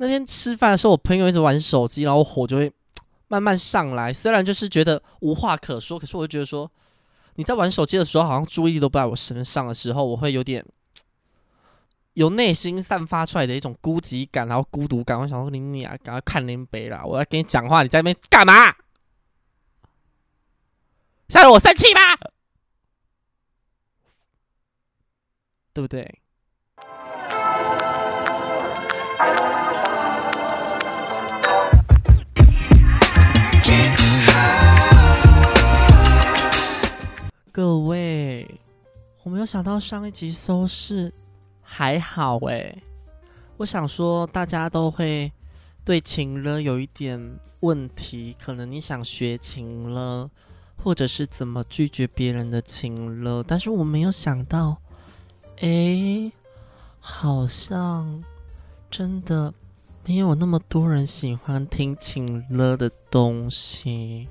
那天吃飯的時候，我朋友一直玩手機，然後火就會慢慢上來。雖然就是覺得無話可說，可是我就覺得說，你在玩手機的時候，好像注意力都不在我身上的時候，我會有點有內心散發出來的一種孤寂感，然後孤獨感。我想說，你尼啊，趕快看林北啦！我要跟你講話，你在那邊幹嘛？嚇得我生氣吧？ 對不對？各位，我沒有想到上一集收視還好哎、欸。我想說大家都會對情勒有一點問題，可能你想學情勒，或者是怎麼拒絕別人的情勒。但是我沒有想到，哎、欸，好像真的沒有那麼多人喜歡聽情勒的東西。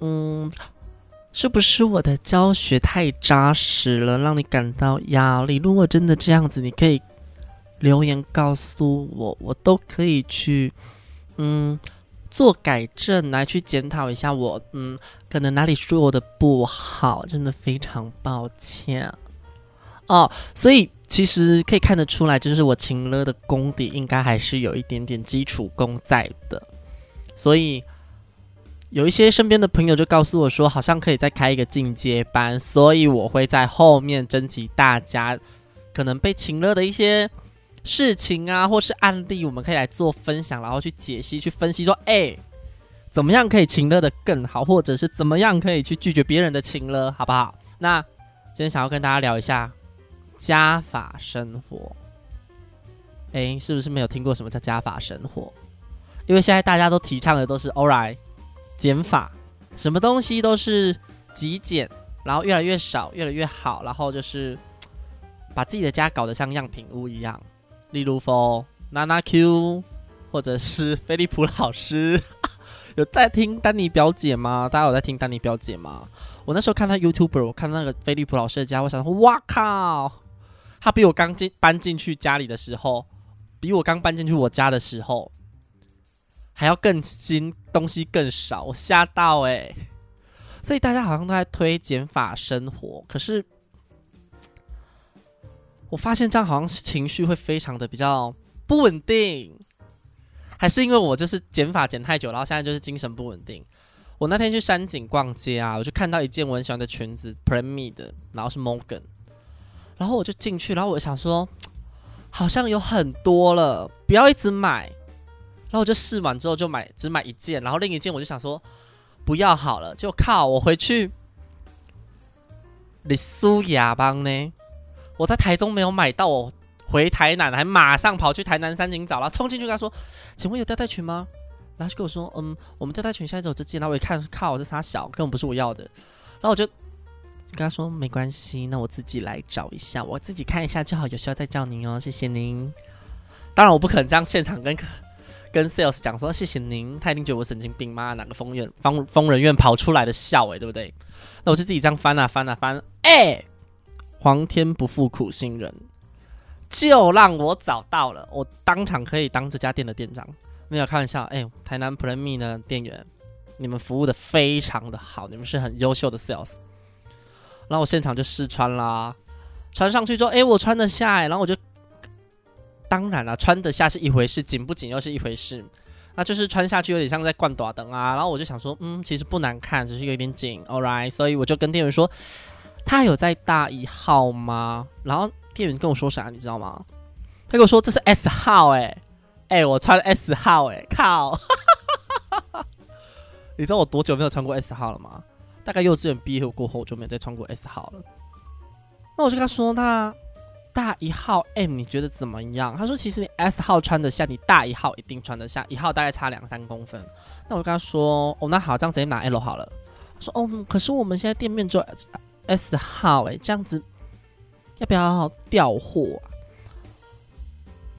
嗯。是不是我的教學太扎實了，讓你感到壓力？如果真的這樣子，你可以留言告訴我，我都可以去，嗯，做改正來去檢討一下我，嗯，可能哪裡做的不好，真的非常抱歉。哦，所以其實可以看得出來，就是我秦樂的功底應該還是有一點點基礎功在的，所以。有一些身邊的朋友就告訴我，說好像可以再開一個進階班，所以我會在後面徵集大家可能被情勒的一些事情啊，或是案例，我們可以來做分享，然後去解析、去分析說，說哎，怎麼樣可以情勒得更好，或者是怎麼樣可以去拒絕別人的情勒？好不好？那今天想要跟大家聊一下加法生活，哎，是不是沒有聽過什麼叫加法生活？因為現在大家都提倡的都是，Alright。減法，什麼東西都是極簡，然後越來越少，越來越好，然後就是把自己的家搞得像樣品屋一樣。例如 for Nana Q，或者是飛利浦老師， 有在聽丹尼表姐嗎？大家有在聽丹尼表姐嗎？我那時候看他 YouTuber，我看那個飛利浦老師的家，我想說，哇靠！他比我剛進搬進去家裡的時候，比我剛搬進去我家的時候，還要更新東西更少，我嚇到誒、欸，所以大家好像都在推減法生活，可是我發現這樣好像情緒會非常的比較不穩定，還是因為我就是減法減太久，然後現在就是精神不穩定。我那天去山景逛街啊，我就看到一件我很喜歡的裙子，Premier 的， 然後是 Morgan，然後我就進去，然後我想說，好像有很多了，不要一直買。然後我就試完之後就買，只買一件。然後另一件我就想說，不要好了。就靠，我回去，李蘇亞幫呢？我在台中沒有買到，我回台南還馬上跑去台南三井找了，然後衝進去跟他說：“請問有吊帶裙嗎？”然後就跟我說：“嗯，我們吊帶裙現在只有這件。”然後我一看，靠，這啥小根本不是我要的。然後我就跟他說：“沒關係，那我自己來找一下，我自己看一下就好，有需要再叫您哦，謝謝您。當然我不可能這樣現場跟。”跟 sales 講說謝謝您，他一定覺得我神經病嗎？哪個瘋院瘋瘋人院跑出來的笑誒，對不對？那我就自己這樣翻啊翻啊翻，誒，皇天不負苦心人，就讓我找到了，我當場可以當這家店的店長。你要開玩笑誒，台南 Plain-me 呢店員，你們服務的非常的好，你們是很優秀的 sales。然後我現場就試穿啦，穿上去之後，誒，我穿得下哎，然後我就。當然了、啊，穿得下是一回事，緊不緊又是一回事。那就是穿下去有點像在灌短燈啊。然後我就想說，嗯，其實不難看，只是有點緊。Alright，所以我就跟店員說，他有再大一號嗎？然後店員跟我說啥、啊，你知道嗎？他跟我說這是 S 號、欸，哎，哎，我穿 S 號、欸，哎，靠！ 你知道我多久沒有穿過 S 號了嗎？大概幼稚園畢業過後我就沒有再穿過 S 號了。那我就跟他說那……’大一號 M 你覺得怎麼樣？他說其實你 S 號穿得下，你大一號一定穿得下，一號大概差兩三公分。那我跟他說，哦，那好，這樣直接拿 L 好了。他說哦，可是我們現在店面做 S, S 號，誒，這樣子要不要調貨啊？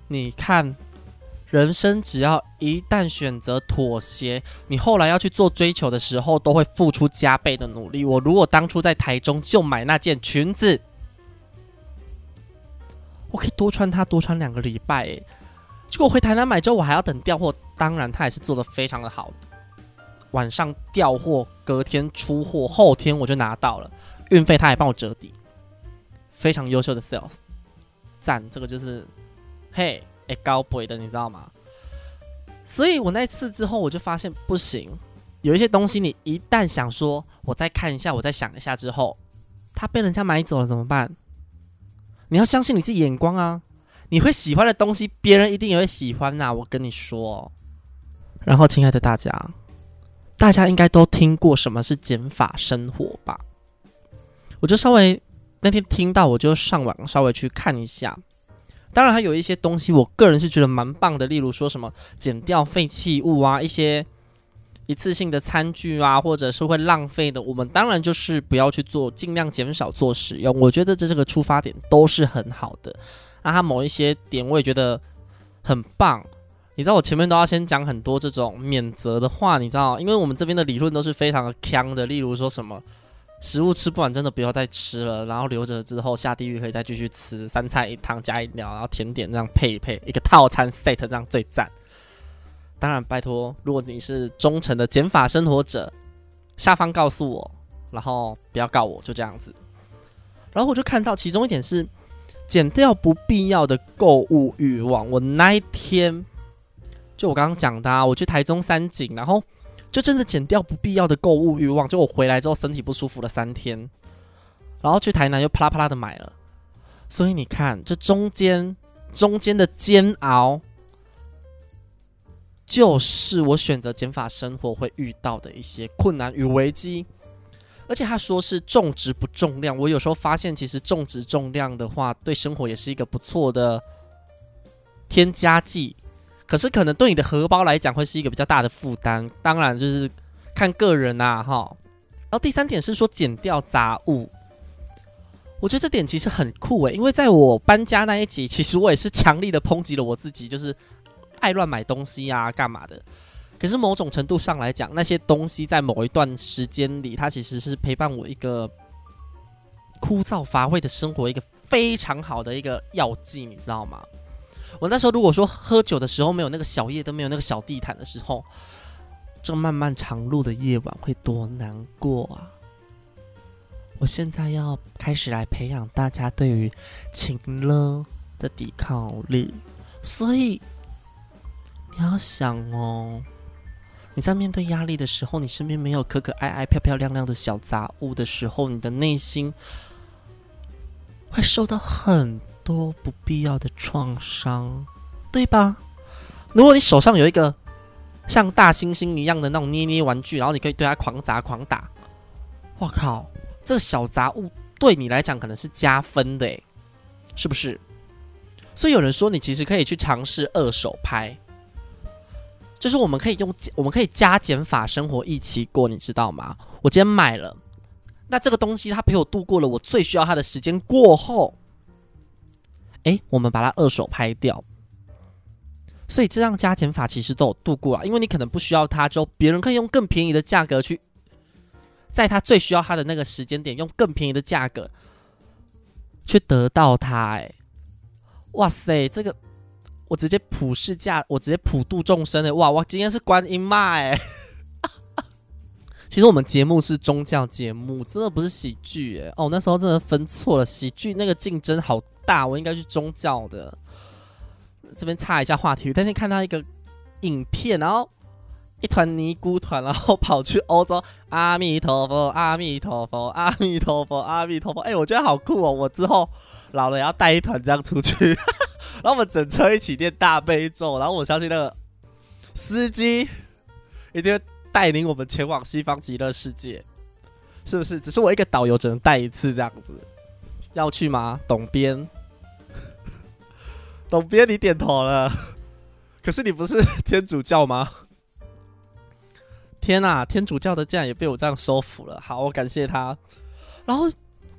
你看，人生只要一旦選擇妥協，你後來要去做追求的時候，都會付出加倍的努力。我如果當初在台中就買那件裙子，我可以多穿它，多穿兩個禮拜欸。結果回台南買之後，我還要等調貨。當然，他也是做得非常的好的。晚上調貨，隔天出貨，後天我就拿到了，運費他也幫我折抵，非常優秀的 sales，讚！這個就是，嘿，哎，高貴的，你知道嗎？所以我那次之後，我就發現不行，有一些東西你一旦想說，我再看一下，我再想一下之後，他被人家買走了怎麼辦？你要相信你自己眼光啊！你會喜歡的東西，別人一定也會喜歡吶、啊！我跟你說。然後，親愛的大家，大家應該都聽過什麼是減法生活吧？我就稍微那天聽到，我就上網稍微去看一下。當然，還有一些東西，我個人是覺得蠻棒的，例如說什麼減掉廢棄物啊，一些。一次性的餐具啊，或者是會浪費的，我們當然就是不要去做，盡量減少做使用。我覺得這這個出發點，都是很好的。那、啊、它某一些點，我也覺得很棒。你知道我前面都要先講很多這種免責的話，你知道，因為我們這邊的理論都是非常的嗆的。例如說什麼食物吃不完，真的不要再吃了，然後留着之後下地獄可以再繼續吃。三菜一湯加飲料，然後甜點這樣配一配，一個套餐 set 這樣最讚。當然，拜託，如果你是忠誠的減法生活者，下方告訴我，然後不要告我，就這樣子。然後我就看到其中一點是減掉不必要的購物慾望。我那一天就我剛剛講的啊，我去台中三井，然後就真的減掉不必要的購物慾望。就我回來之後身體不舒服了三天，然後去台南又啪啦啪啦的買了。所以你看這中間中間的煎熬。就是我選擇減法生活會遇到的一些困難與危機，而且他說是重質不重量，我有時候發現其實重質重量的話，對生活也是一個不錯的添加劑，可是可能對你的荷包來講會是一個比較大的負擔，當然就是看個人吶哈。然後第三點是說減掉雜物，我覺得這點其實很酷誒、欸，因為在我搬家那一集，其實我也是強力的抨擊了我自己，就是。愛亂買東西啊，幹嘛的？可是某種程度上來講，那些東西在某一段時間裡，它其實是陪伴我一個枯燥乏味的生活一個非常好的一個藥劑，你知道嗎？我那時候如果說喝酒的時候沒有那個小夜燈、沒有那個小地毯的時候，這漫漫長路的夜晚會多難過啊！我現在要開始來培養大家對於情勒的抵抗力，所以。你要想哦，你在面對壓力的時候，你身邊沒有可可愛愛、漂漂亮亮的小雜物的時候，你的內心會受到很多不必要的創傷，對吧？如果你手上有一個像大猩猩一樣的那種捏捏玩具，然後你可以對它狂砸狂打，哇靠！這小雜物對你來講可能是加分的耶，是不是？所以有人說，你其實可以去嘗試二手拍。就是我們可以用我們可以加減法生活一起過，你知道嗎？我今天買了，那這個東西它陪我度過了我最需要它的時間過後，哎，我們把它二手拍掉。所以這樣加減法其實都有度過了啊，因為你可能不需要它之後，別人可以用更便宜的價格去，在他最需要他的那個時間點，用更便宜的價格去得到它。哎，哇塞，這個。我直接普世駕，我直接普度眾生的、欸、哇！哇，今天是觀音嘛？哎， 其實我們節目是宗教節目，真的不是喜劇哎、欸。哦，那時候真的分錯了，喜劇那個競爭好大，我應該去宗教的。這邊插一下話題，但是看到一個影片、喔，然後一團尼姑團，然後跑去歐洲，阿彌陀佛，阿彌陀佛，阿彌陀佛，阿彌陀佛。哎、欸，我覺得好酷哦、喔！我之後老了也要帶一團這樣出去。 然後我們整車一起念大悲咒，然後我相信那個司機一定會帶領我們前往西方極樂世界，是不是？只是我一個導遊只能帶一次這樣子，要去嗎？董編，董編你點頭了，可是你不是天主教嗎？天啊，天主教的竟然也被我這樣收服了，好，我感謝他。然後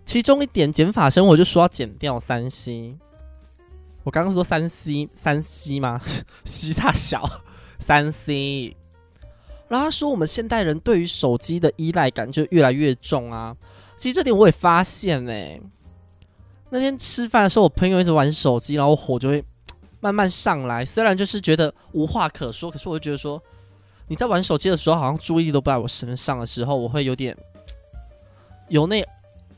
其中一點減法生活我就說要減掉三星。我剛剛說三 C 三 C 嗎？C 大小三 C。然後他說我們現代人對於手機的依賴感就越來越重啊。其實這點我也發現哎、欸。那天吃飯的時候，我朋友一直玩手機，然後火就會慢慢上來。雖然就是覺得無話可說，可是我就覺得說你在玩手機的時候，好像注意力都不在我身上的時候，我會有點有那。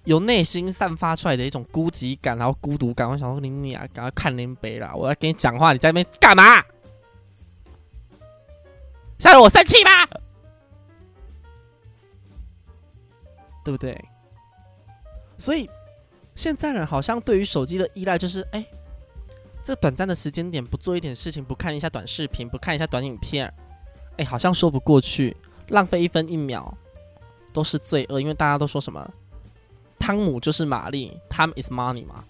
由內心散發出來的一種孤寂感，然後孤獨感，我想說，林你，你啊，趕快看林北啦！我要跟你講話，你在那邊幹嘛？嚇得我生氣嗎？ 對不對？所以現在人好像對於手機的依賴就是，哎，這短暫的時間點不做一點事情，不看一下短視頻，不看一下短影片，哎，好像說不過去，浪費一分一秒都是罪惡，因為大家都說什麼。湯姆就是瑪麗，Time is money 嘛，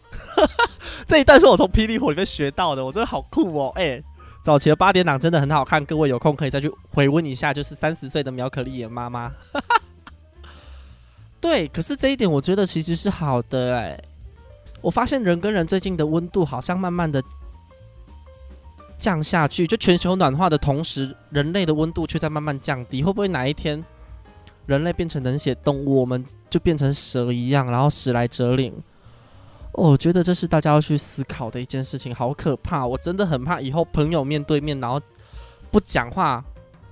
這一段是我從《霹靂火》裡面學到的，我真的好酷哦，喔！哎、欸，早期的八點檔真的很好看，各位有空可以再去回溫一下。就是三十歲的苗可麗演媽媽， 對，可是這一點我覺得其實是好的、欸。哎，我發現人跟人最近的溫度好像慢慢的降下去，就全球暖化的同時，人類的溫度卻在慢慢降低，會不會哪一天？人類變成冷血動物，我們就變成蛇一樣，然後時來則靈。Oh, 我覺得這是大家要去思考的一件事情，好可怕！我真的很怕以後朋友面對面，然後不講話，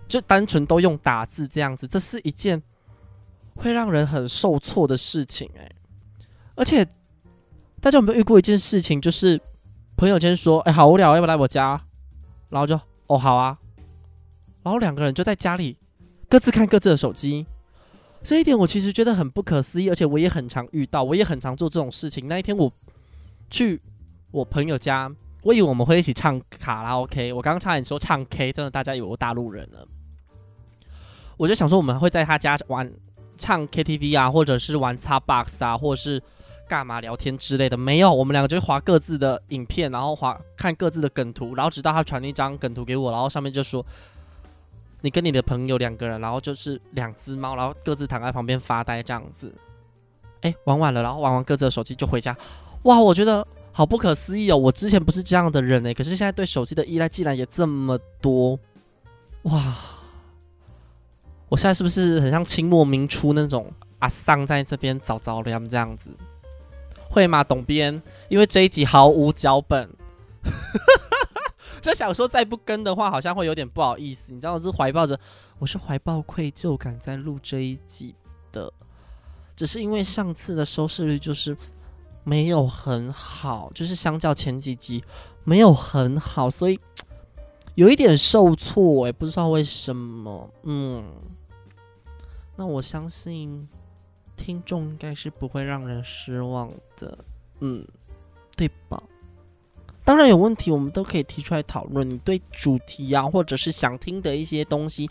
就單純都用打字這樣子，這是一件會讓人很受挫的事情、欸。哎，而且大家有沒有遇過一件事情，就是朋友間說：“哎、欸，好無聊、欸，要不要來我家？”然後就“哦，好啊。”然後兩個人就在家裡各自看各自的手機。這一點我其實覺得很不可思議，而且我也很常遇到，我也很常做這種事情。那一天我去我朋友家，我以為我們會一起唱卡拉 OK，我剛剛差點說唱 K，真的大家以為我大陸人了。我就想說我們會在他家玩唱 KTV 啊，或者是玩插 box 啊，或者是幹嘛聊天之類的，沒有，我們兩個就划各自的影片，然後划看各自的梗圖，然後直到他傳一張梗圖給我，然後上面就說。你跟你的朋友兩個人，然後就是兩隻貓，然後各自躺在旁邊發呆這樣子。哎，玩完了，然後玩完各自的手機就回家。哇，我覺得好不可思議哦！我之前不是這樣的人哎，可是現在對手機的依賴竟然也這麼多。哇，我現在是不是很像清末民初那種阿桑在這邊早早涼這樣子？會嗎？懂編？因為這一集毫無腳本。 這小說再不更的話，好像會有點不好意思，你知道，我是懷抱着，我是懷抱愧疚感在錄這一集的，只是因為上次的收視率就是沒有很好，就是相較前幾集沒有很好，所以有一點受挫，也不知道為什麼，嗯，那我相信聽眾應該是不會讓人失望的，嗯，對吧？當然有問題，我們都可以提出來討論。你對主題啊，或者是想聽的一些東西，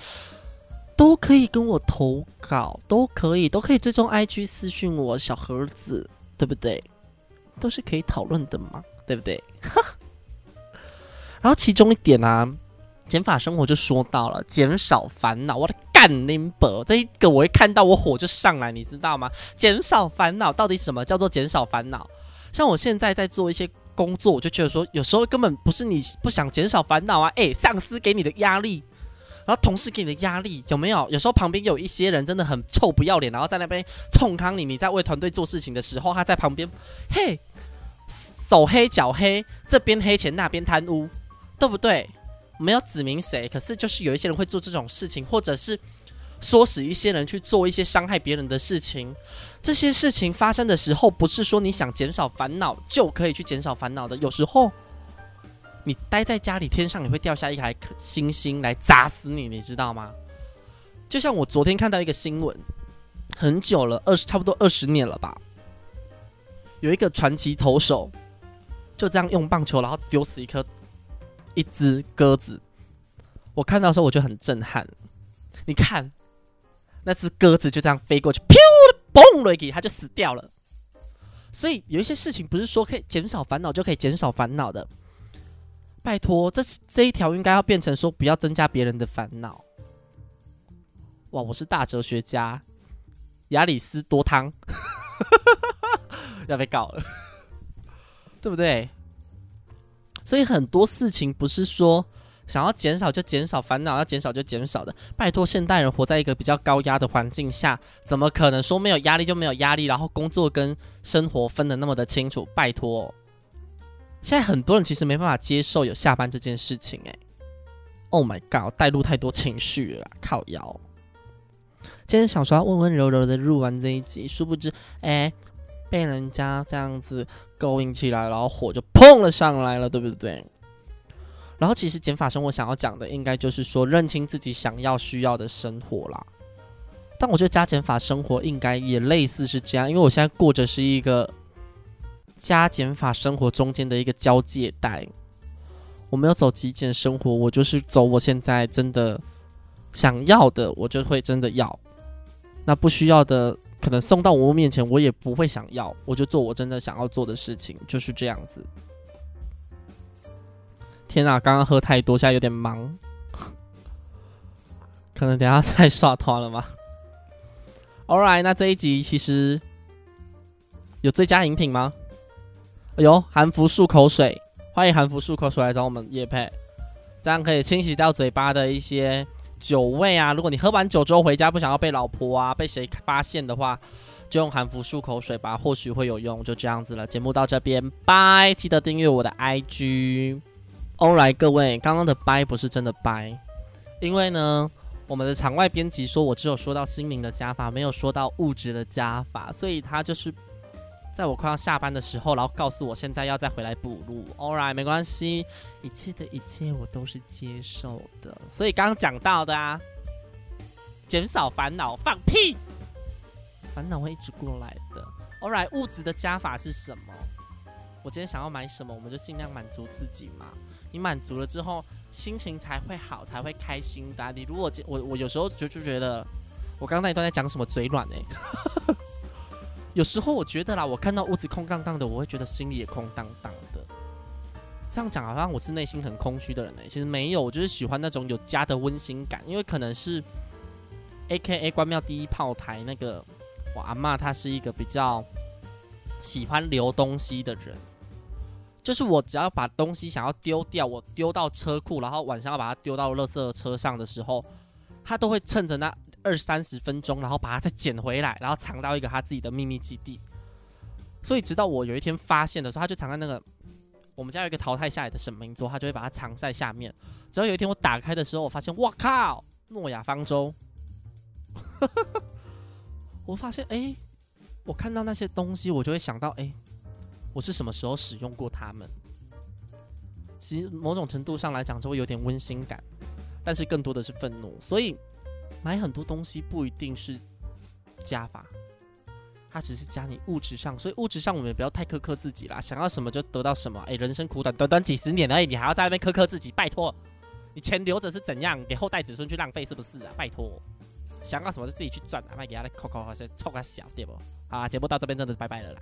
都可以跟我投稿，都可以，都可以追蹤 IG 私訊我小盒子，對不對？都是可以討論的嘛，對不對？然後其中一點啊，減法生活就說到了減少煩惱。我的幹林北，這一個我一看到我火就上來，你知道嗎？減少煩惱到底什麼叫做減少煩惱？像我現在在做一些。工作我就覺得說，有時候根本不是你不想減少煩惱啊！誒、欸，上司給你的壓力，然後同事給你的壓力，有沒有？有時候旁邊有一些人真的很臭不要臉，然後在那邊衝康你，你在為團隊做事情的時候，他在旁邊，嘿，手黑腳黑，這邊黑錢那邊貪污，對不對？沒有指明誰，可是就是有一些人會做這種事情，或者是。唆使一些人去做一些傷害別人的事情，這些事情發生的時候，不是說你想減少煩惱就可以去減少煩惱的。有時候，你待在家裡，天上也會掉下一顆星星來砸死你，你知道嗎？就像我昨天看到一個新聞，很久了，二十差不多二十年了吧，有一個傳奇投手，就這樣用棒球，然後丟死一顆一隻鴿子。我看到的時候我就很震撼，你看。那隻鴿子就這樣飛過去，砰！嘣了一下，它就死掉了。所以有一些事情不是說可以減少煩惱就可以減少煩惱的。拜託，這是這一條應該要變成說不要增加別人的煩惱。哇，我是大哲學家亞里斯多湯， 要被告了， 對不對？所以很多事情不是說。想要減少就減少煩惱，要減少就減少的。拜託，現代人活在一個比較高壓的環境下，怎麼可能說沒有壓力就沒有壓力？然後工作跟生活分得那麼的清楚？拜託，現在很多人其實沒辦法接受有下班這件事情、欸。哎，Oh my god，帶入太多情緒了，靠腰。今天想說要溫溫柔柔的錄完這一集，殊不知哎、欸，被人家這樣子勾引起來，然後火就砰了上來了，對不對？然後其實減法生活想要講的，應該就是說認清自己想要需要的生活啦。但我覺得加減法生活應該也類似是這樣，因為我現在過着是一個加減法生活中間的一個交界帶。我沒有走極簡生活，我就是走我現在真的想要的，我就會真的要。那不需要的，可能送到我面前，我也不會想要，我就做我真的想要做的事情，就是這樣子。天哪、啊，剛剛喝太多，現在有點忙，可能等下太刷團了吧。All right，那這一集其實有最佳飲品嗎？哎呦，含氟漱口水，歡迎含氟漱口水來找我們業配。這樣可以清洗掉嘴巴的一些酒味啊。如果你喝完酒之後回家不想要被老婆啊被誰發現的話，就用含氟漱口水吧，或許會有用。就這樣子了，節目到這邊，拜，記得訂閱我的 IG。All right，各位，剛剛的拜不是真的拜。因為呢，我們的場外編輯說，我只有說到心靈的加法，沒有說到物質的加法，所以他就是在我快要下班的時候，然後告訴我現在要再回來補錄。All right，沒關係，一切的一切我都是接受的。所以剛剛講到的啊，減少煩惱，放屁，煩惱會一直過來的。All right，物質的加法是什麼？我今天想要買什麼，我們就盡量滿足自己嘛。你滿足了之後，心情才會好，才會開心的，啊。你如果我我有時候就就覺得，我剛剛那一段在講什麼嘴軟呢？欸？ 有時候我覺得啦，我看到屋子空蕩蕩的，我會覺得心裡也空蕩蕩的。這樣講好像我是內心很空虛的人呢？欸。其實沒有，我就是喜歡那種有家的溫馨感。因為可能是 AKA 關廟第一炮台那個我阿嬤，她是一個比較喜歡留東西的人。就是我只要把東西想要丟掉，我丟到車庫，然後晚上要把它丟到垃圾車上的時候，他都會趁着那二三十分鐘，然後把它再撿回來，然後藏到一個他自己的秘密基地。所以直到我有一天發現的時候，他就藏在那個我們家有一個淘汰下來的神明桌，他就會把它藏在下面。只要有一天我打開的時候，我發現，我靠，諾亞方舟。 我發現，哎，我看到那些東西，我就會想到，哎。我是什麼時候使用過他們？其實某種程度上來講，就會有點溫馨感，但是更多的是憤怒。所以買很多東西不一定是加法，它只是加你物質上。所以物質上我們也不要太苛刻自己啦，想要什麼就得到什麼。哎、欸，人生苦短，短短幾十年而已，你還要在那邊苛刻自己？拜托，你錢留着是怎樣？給後代子孫去浪費是不是啊？拜托，想要什麼就自己去賺，賣給他扣扣，摳，先湊個小點好，啊，節、啊、目到這邊真的拜拜了啦。